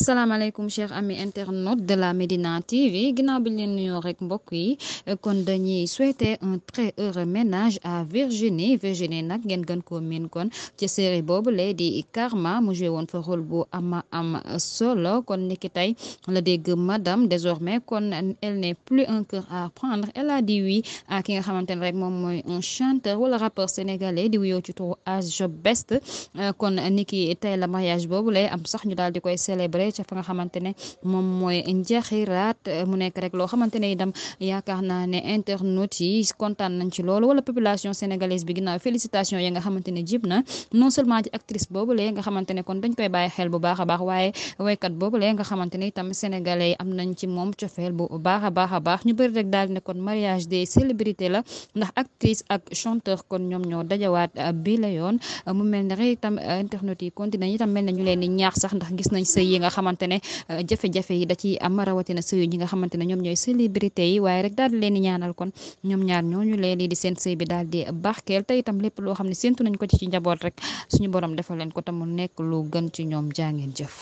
salaamaaleykum chers amis internautes de la Médina TV ginnaaw bi leen nuyoo rek mbokk yi kon dañuy souhaiter un très heureux ménage à Virginie Virginie nag ngeen gën koo miin kon ci boobu lay di Karma mu joué woon fa rôle bu ama am solo kon niki tey la dégg madame désormais kon elle n'est plus un cœur à prendre elle a dit oui ki nga xamante ne rek moom mooy un chanteur wala rappeur sénégalais di wuyoo ci Age Best kon niki tey la mariage boobu lay am sax ñu daal di koy célébrer. foofee ca fa nga xamante ne moom mooy njeexiraat eh, mu nekk rek loo xamante ne itam yaakaar naa ne internautes yi kontaan nañ ci loolu wala population sénégalaise bi ginnaaw félicitation yi nga xamante jib na non seulement ci actrice boobu lee nga xamante kon dañ koy bàyyi xel baax a baax waaye waykat boobu lee nga xamante itam sénégalais am nañ ci moom cofeel bu baax a baax a baax ñu bëri rek daal ne kon mariage des célébrités la ndax actrice ak chanteur kon ñoom ñoo dajawaat eh, bi la yoon mu mel ne xamante ne euh, jafe-jafe yi da ciy am rawatina seyo ñi nga xamante ne ñoom ñooy célébrité yi waaye rek daal di leen di kon ñoom ñaar ñooñu leen di seen sëy bi daal di baaxkeel te itam lépp loo xam ne séntu nañ ko ci ci njaboot rek suñu borom defal leen ko te mu nekk lu gën ci ñoom jaa ngeen jëf